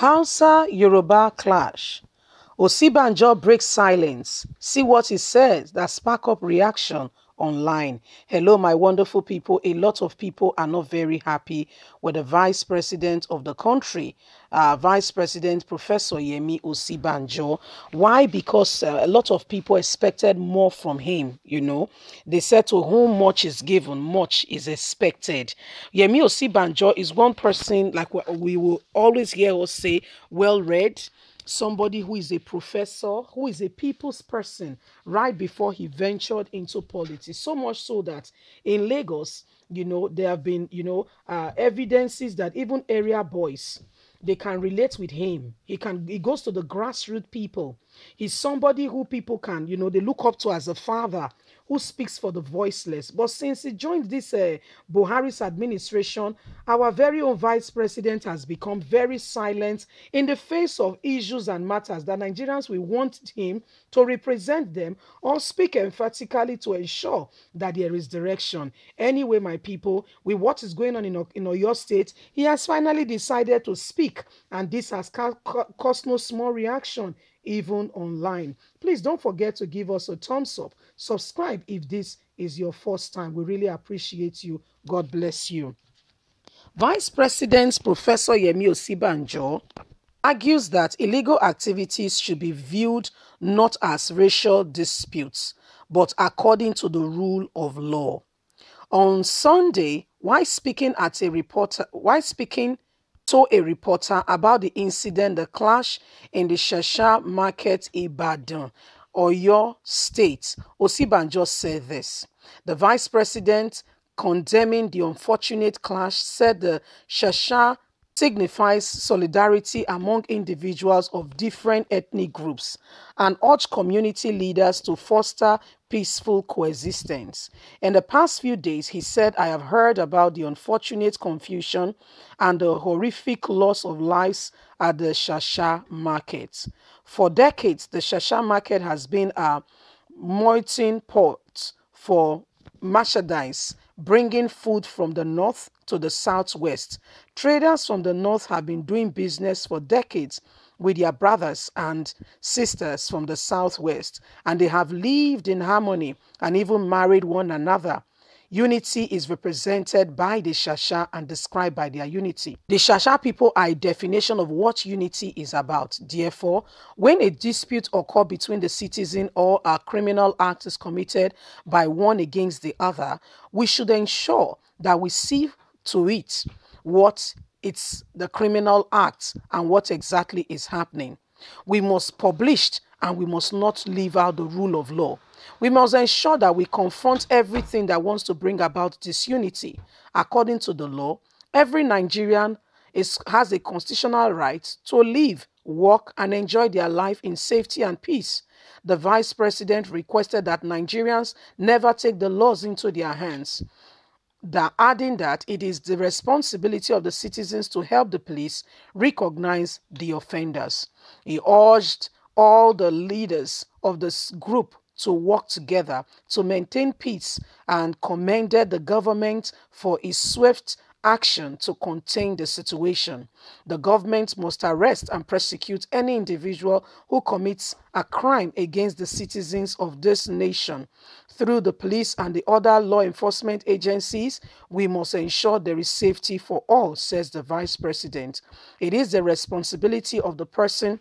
Hausa-Yoruba clash: Osibanjo breaks silence, see what he says that spark up reaction online. Hello, my wonderful people. A lot of people are not very happy with the vice president of the country, uh, Vice President Professor Yemi Osibanjo. Why? Because uh, a lot of people expected more from him, you know. They said to whom much is given, much is expected. Yemi Osibanjo is one person, like we will always hear us say, well read somebody who is a professor, who is a people's person, right before he ventured into politics. So much so that in Lagos, you know, there have been, you know, uh, evidences that even area boys, they can relate with him. He can he goes to the grassroots people. He's somebody who people can, you know, they look up to as a father who speaks for the voiceless. But since he joined this uh, Buhari's administration, our very own vice president has become very silent in the face of issues and matters that Nigerians will want him to represent them or speak emphatically to ensure that there is direction. Anyway, my people, with what is going on in, in your State, he has finally decided to speak, and this has caused no small reaction even online. Please don't forget to give us a thumbs up. Subscribe if this is your first time. We really appreciate you. God bless you. Vice President Professor Yemi Osibanjo argues that illegal activities should be viewed not as racial disputes, but according to the rule of law. On Sunday, while speaking at a reporter, while speaking told a reporter about the incident the clash in the Shasha market Ibadan, Oyo State. Osibanjo said this. The vice president condemning the unfortunate clash said the Shasha signifies solidarity among individuals of different ethnic groups and urged community leaders to foster peaceful coexistence. In the past few days, he said, I have heard about the unfortunate confusion and the horrific loss of lives at the Shasha market. For decades, the Shasha market has been a melting pot for merchandise, bringing food from the north to the southwest. Traders from the north have been doing business for decades with their brothers and sisters from the southwest, and they have lived in harmony and even married one another. Unity is represented by the Shasha and described by their unity. The Shasha people are a definition of what unity is about. Therefore, when a dispute occurs between the citizen or a criminal act is committed by one against the other, we should ensure that we see to it what it's the criminal act and what exactly is happening. We must publish and we must not leave out the rule of law. We must ensure that we confront everything that wants to bring about disunity. According to the law, every Nigerian is, has a constitutional right to live, work, and enjoy their life in safety and peace. The vice president requested that Nigerians never take the laws into their hands that adding that it is the responsibility of the citizens to help the police recognize the offenders. He urged all the leaders of this group to work together to maintain peace and commended the government for its swift action to contain the situation. The government must arrest and prosecute any individual who commits a crime against the citizens of this nation. Through the police and the other law enforcement agencies, we must ensure there is safety for all, says the vice president. It is the responsibility of the person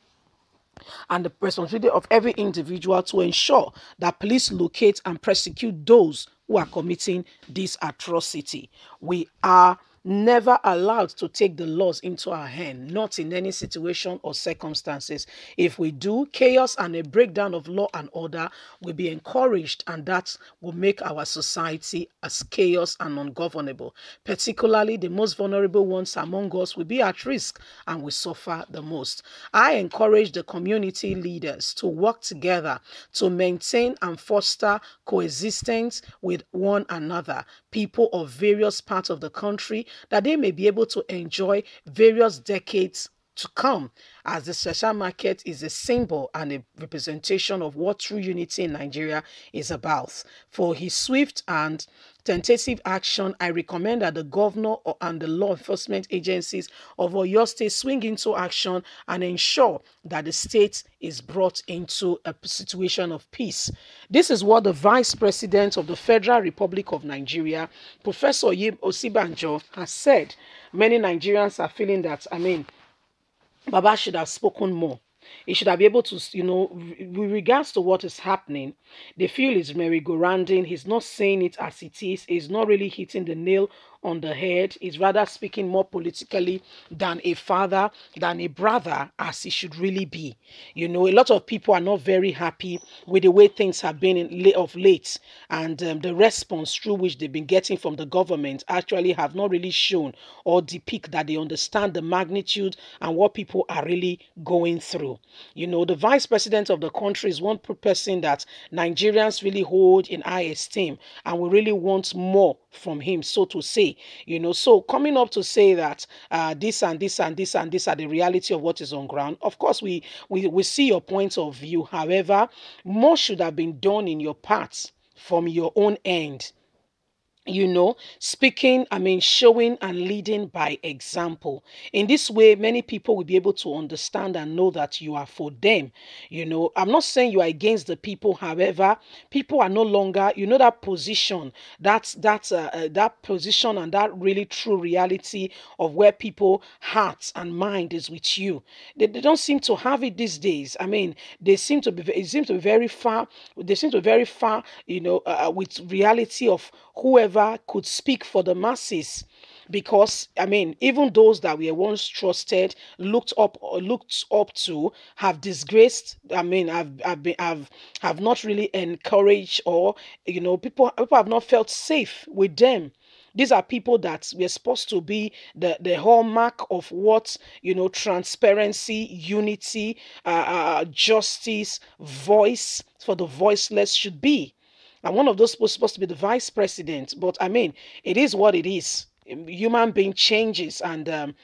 and the responsibility of every individual to ensure that police locate and prosecute those who are committing this atrocity. We are never allowed to take the laws into our hand, not in any situation or circumstances. If we do, chaos and a breakdown of law and order will be encouraged, and that will make our society as chaos and ungovernable. Particularly, the most vulnerable ones among us will be at risk and will suffer the most. I encourage the community leaders to work together to maintain and foster coexistence with one another, people of various parts of the country that they may be able to enjoy various decades to come, as the Sesha market is a symbol and a representation of what true unity in Nigeria is about. For his swift and tentative action, I recommend that the governor and the law enforcement agencies of Oyo State swing into action and ensure that the state is brought into a situation of peace. This is what the Vice President of the Federal Republic of Nigeria, Professor Yib Osibanjo, has said. Many Nigerians are feeling that, I mean, Baba should have spoken more. He should have been able to, you know, with regards to what is happening, they feel is merry-go-rounding. He's not saying it as it is. He's not really hitting the nail on the head is rather speaking more politically than a father, than a brother, as he should really be. You know, a lot of people are not very happy with the way things have been in, of late, and um, the response through which they've been getting from the government actually have not really shown or depict that they understand the magnitude and what people are really going through. You know, the vice president of the country is one person that Nigerians really hold in high esteem, and we really want more from him, so to say. You know, so coming up to say that uh, this and this and this and this are the reality of what is on ground. Of course, we we, we see your point of view. However, more should have been done in your parts from your own end you know, speaking, I mean, showing and leading by example. In this way, many people will be able to understand and know that you are for them. You know, I'm not saying you are against the people. However, people are no longer, you know, that position, that's that, uh, uh, that position and that really true reality of where people hearts and mind is with you. They, they don't seem to have it these days. I mean, they seem to be, it seems to be very far, they seem to be very far, you know, uh, uh with reality of whoever could speak for the masses because I mean, even those that we once trusted, looked up, looked up to, have disgraced. I mean, have have been, have have not really encouraged, or you know, people people have not felt safe with them. These are people that we're supposed to be the, the hallmark of what, you know, transparency, unity, uh, uh, justice, voice for the voiceless should be. Now one of those was supposed to be the vice president. But I mean, it is what it is. Um, human being changes and um,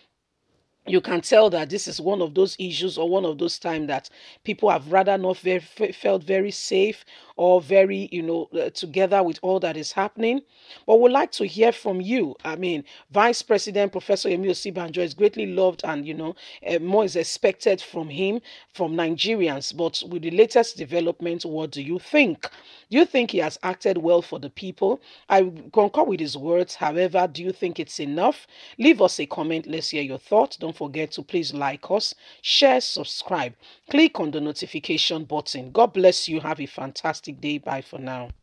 you can tell that this is one of those issues or one of those times that people have rather not very, felt very safe or very, you know, uh, together with all that is happening. But we'd like to hear from you. I mean, Vice President Professor Emil Sibanjo is greatly loved and, you know, uh, more is expected from him, from Nigerians. But with the latest development, what do you think? Do you think he has acted well for the people? I concur with his words. However, do you think it's enough? Leave us a comment. Let's hear your thoughts. Don't forget to please like us, share, subscribe, click on the notification button. God bless you. Have a fantastic fantastic day. Bye for now.